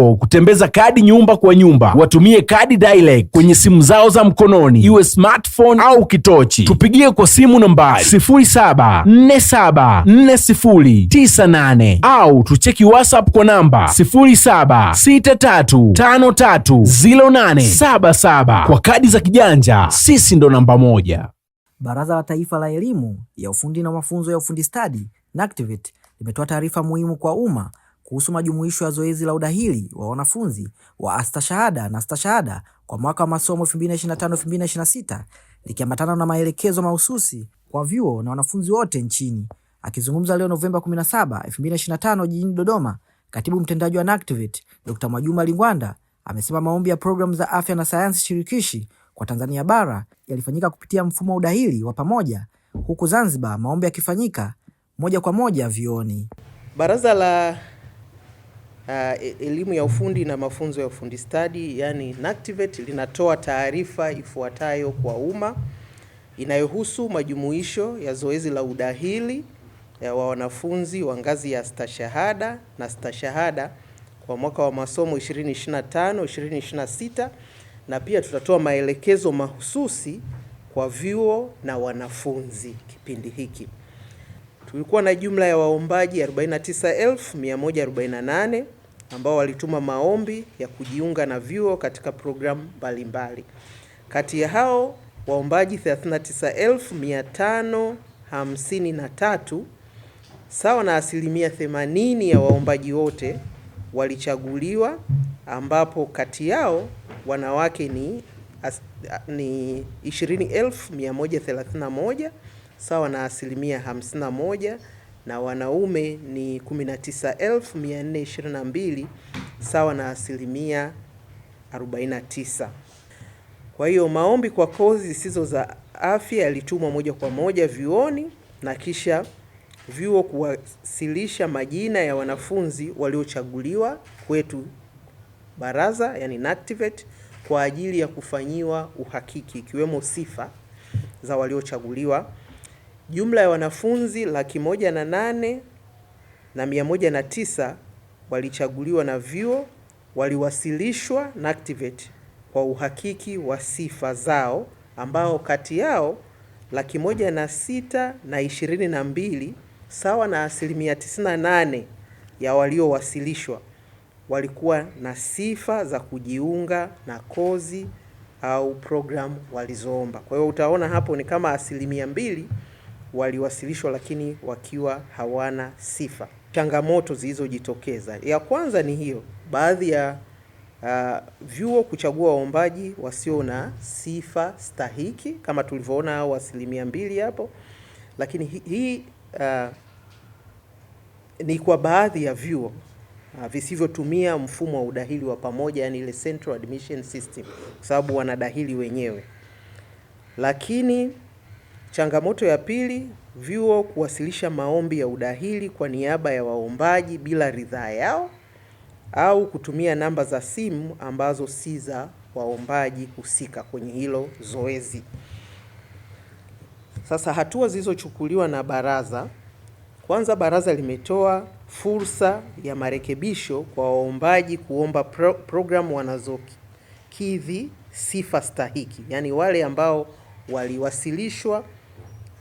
yako kutembeza kadi nyumba kwa nyumba. Watumie kadi dialect kwenye simu zao za mkononi, iwe smartphone au kitochi. Tupigie kwa simu nambari 07474098 au tucheki WhatsApp kwa namba 0763530877. Kwa kadi za kijanja, sisi ndo namba moja. Baraza la Taifa la Elimu ya Ufundi na Mafunzo ya Ufundi Stadi NACTVET e limetoa taarifa muhimu kwa umma kuhusu majumuisho ya zoezi la udahili wa wanafunzi wa astashahada na stashahada kwa mwaka wa masomo 2025/2026 likiambatana na maelekezo mahususi kwa vyuo na wanafunzi wote nchini. Akizungumza leo Novemba 17, 2025 jijini Dodoma, Katibu Mtendaji wa NACTVET Dr. Mwajuma Lingwanda amesema maombi ya programu za afya na sayansi shirikishi kwa Tanzania bara yalifanyika kupitia mfumo wa udahili wa pamoja, huku Zanzibar maombi yakifanyika moja kwa moja vioni. Baraza la uh, elimu ya ufundi na mafunzo ya ufundi stadi yani NACTIVATE linatoa taarifa ifuatayo kwa umma inayohusu majumuisho ya zoezi la udahili eh, wa wanafunzi wa ngazi ya stashahada na stashahada kwa mwaka wa masomo 2025 2026, na pia tutatoa maelekezo mahususi kwa vyuo na wanafunzi kipindi hiki. Kulikuwa na jumla ya waombaji 49148 ambao walituma maombi ya kujiunga na vyuo katika programu mbalimbali. Kati ya hao waombaji 39553 sawa na asilimia 80 ya waombaji wote walichaguliwa, ambapo kati yao wanawake ni, as, ni 20131 sawa na asilimia 51 na wanaume ni 19,422 sawa na asilimia 49. Kwa hiyo maombi kwa kozi zisizo za afya yalitumwa moja kwa moja vyuoni na kisha vyuo kuwasilisha majina ya wanafunzi waliochaguliwa kwetu baraza, yani NACTIVATE, kwa ajili ya kufanyiwa uhakiki ikiwemo sifa za waliochaguliwa Jumla ya wanafunzi laki moja na nane na mia moja na tisa walichaguliwa na vyuo waliwasilishwa na Activate kwa uhakiki wa sifa zao ambao kati yao laki moja na sita na ishirini na mbili sawa na asilimia 98 ya waliowasilishwa walikuwa na sifa za kujiunga na kozi au programu walizoomba. Kwa hiyo utaona hapo ni kama asilimia mbili waliwasilishwa lakini wakiwa hawana sifa. Changamoto zilizojitokeza, ya kwanza ni hiyo, baadhi ya uh, vyuo kuchagua waombaji wasio na sifa stahiki kama tulivyoona hao asilimia mbili hapo, lakini hii uh, ni kwa baadhi ya vyuo uh, visivyotumia mfumo wa udahili wa pamoja, yani ile central admission system, kwa sababu wanadahili wenyewe, lakini Changamoto ya pili, vyuo kuwasilisha maombi ya udahili kwa niaba ya waombaji bila ridhaa yao au kutumia namba za simu ambazo si za waombaji husika kwenye hilo zoezi. Sasa hatua zilizochukuliwa na baraza, kwanza baraza limetoa fursa ya marekebisho kwa waombaji kuomba pro programu wanazokidhi sifa stahiki, yaani wale ambao waliwasilishwa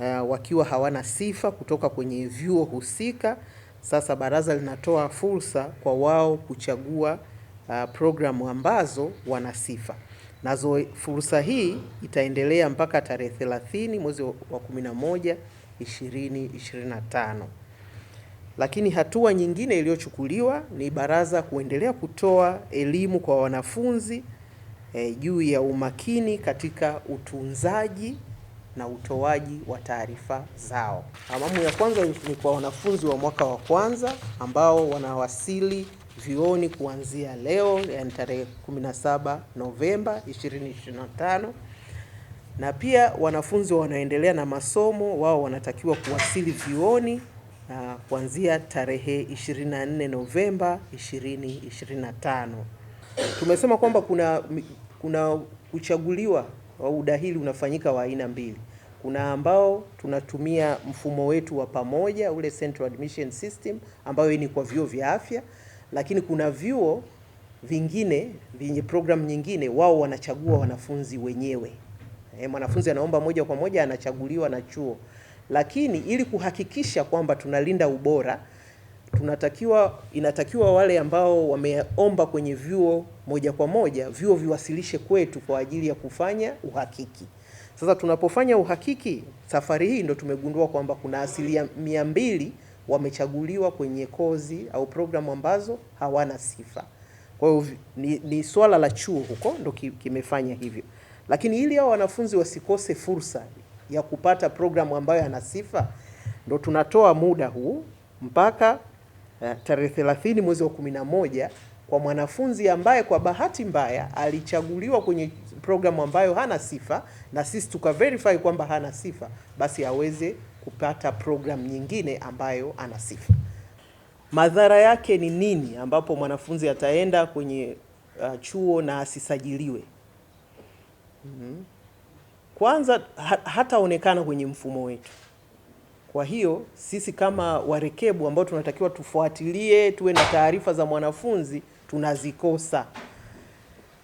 uh, wakiwa hawana sifa kutoka kwenye vyuo husika. Sasa baraza linatoa fursa kwa wao kuchagua uh, programu ambazo wana sifa nazo. Fursa hii itaendelea mpaka tarehe 30 mwezi wa 11 2025. Lakini hatua nyingine iliyochukuliwa ni baraza kuendelea kutoa elimu kwa wanafunzi eh, juu ya umakini katika utunzaji na utoaji wa taarifa zao. Awamu ya kwanza ni kwa wanafunzi wa mwaka wa kwanza ambao wanawasili vioni kuanzia leo, yani tarehe 17 Novemba 2025 na pia wanafunzi wanaendelea na masomo wao wanatakiwa kuwasili vioni uh, ah, kuanzia tarehe 24 Novemba 2025. Tumesema kwamba kuna, kuna kuchaguliwa au udahili unafanyika wa aina mbili. Kuna ambao tunatumia mfumo wetu wa pamoja ule Central Admission System ambayo ni kwa vyuo vya afya, lakini kuna vyuo vingine vyenye program nyingine, wao wanachagua wanafunzi wenyewe. E, mwanafunzi anaomba moja kwa moja anachaguliwa na chuo, lakini ili kuhakikisha kwamba tunalinda ubora tunatakiwa inatakiwa wale ambao wameomba kwenye vyuo moja kwa moja vyuo viwasilishe kwetu kwa ajili ya kufanya uhakiki. Sasa tunapofanya uhakiki safari hii ndo tumegundua kwamba kuna asilimia mia mbili wamechaguliwa kwenye kozi au programu ambazo hawana sifa. Kwa hiyo ni, ni swala la chuo huko ndo kimefanya hivyo, lakini ili hao wanafunzi wasikose fursa ya kupata programu ambayo ana sifa, ndo tunatoa muda huu mpaka uh, tarehe 30 mwezi wa 11 kwa mwanafunzi ambaye kwa bahati mbaya alichaguliwa kwenye programu ambayo hana sifa na sisi tukaverify kwamba hana sifa, basi aweze kupata programu nyingine ambayo ana sifa. Madhara yake ni nini ambapo mwanafunzi ataenda kwenye uh, chuo na asisajiliwe? mm-hmm. Kwanza ha hataonekana kwenye mfumo wetu. Kwa hiyo sisi kama warekebu ambao tunatakiwa tufuatilie, tuwe na taarifa za mwanafunzi tunazikosa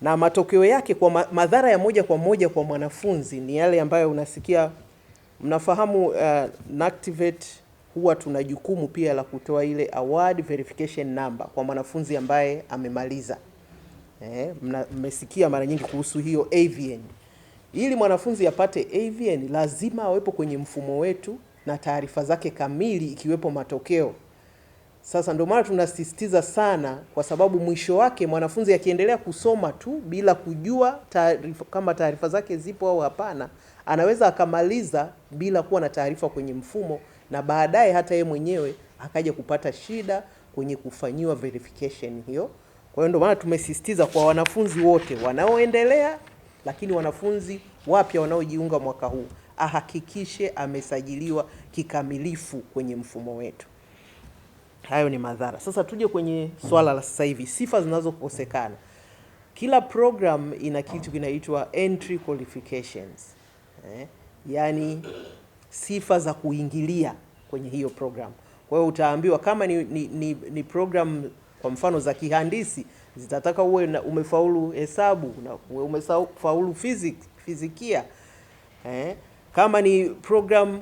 na matokeo yake kwa madhara ya moja kwa moja kwa mwanafunzi ni yale ambayo unasikia, mnafahamu uh, NACTIVATE huwa tuna jukumu pia la kutoa ile award verification number kwa mwanafunzi ambaye amemaliza. Eh, mmesikia mara nyingi kuhusu hiyo AVN. Ili mwanafunzi apate AVN lazima awepo kwenye mfumo wetu na taarifa zake kamili ikiwepo matokeo. Sasa ndio maana tunasisitiza sana, kwa sababu mwisho wake mwanafunzi akiendelea kusoma tu bila kujua taarifa, kama taarifa zake zipo au hapana, anaweza akamaliza bila kuwa na taarifa kwenye mfumo, na baadaye hata yeye mwenyewe akaja kupata shida kwenye kufanyiwa verification hiyo. Kwa hiyo ndio maana tumesisitiza kwa wanafunzi wote wanaoendelea, lakini wanafunzi wapya wanaojiunga mwaka huu, ahakikishe amesajiliwa kikamilifu kwenye mfumo wetu. Hayo ni madhara. Sasa tuje kwenye swala la sasa hivi, sifa zinazokosekana. Kila program ina kitu kinaitwa entry qualifications eh, yaani sifa za kuingilia kwenye hiyo program. Kwa hiyo utaambiwa kama ni, ni, ni, ni program kwa mfano za kihandisi zitataka uwe umefaulu hesabu na umefaulu physics, fizikia eh, kama ni program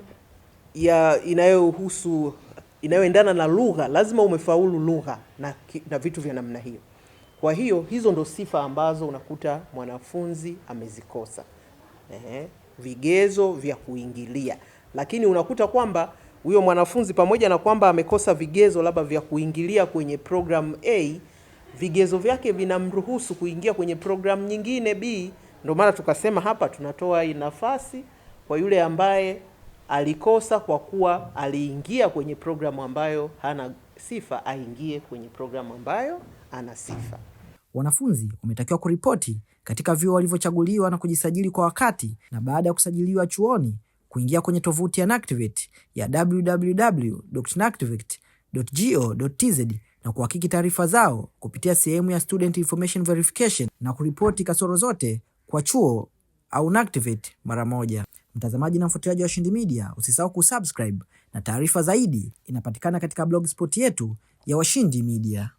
ya inayohusu inayoendana na lugha, lazima umefaulu lugha na, na vitu vya namna hiyo. Kwa hiyo hizo ndo sifa ambazo unakuta mwanafunzi amezikosa, ehe, vigezo vya kuingilia. Lakini unakuta kwamba huyo mwanafunzi pamoja na kwamba amekosa vigezo labda vya kuingilia kwenye program A, vigezo vyake vinamruhusu kuingia kwenye program nyingine B. Ndio maana tukasema hapa tunatoa nafasi kwa yule ambaye Alikosa kwa kuwa aliingia kwenye programu ambayo hana sifa, aingie kwenye programu ambayo ana sifa. Wanafunzi wametakiwa kuripoti katika vyuo walivyochaguliwa na kujisajili kwa wakati, na baada ya kusajiliwa chuoni kuingia kwenye tovuti ya NACTVET ya www.nactvet.go.tz na kuhakiki taarifa zao kupitia sehemu ya Student Information Verification na kuripoti kasoro zote kwa chuo au NACTVET mara moja. Mtazamaji na mfuatiliaji wa Washindi Media, usisahau kusubscribe na taarifa zaidi inapatikana katika blogspot yetu ya Washindi Media.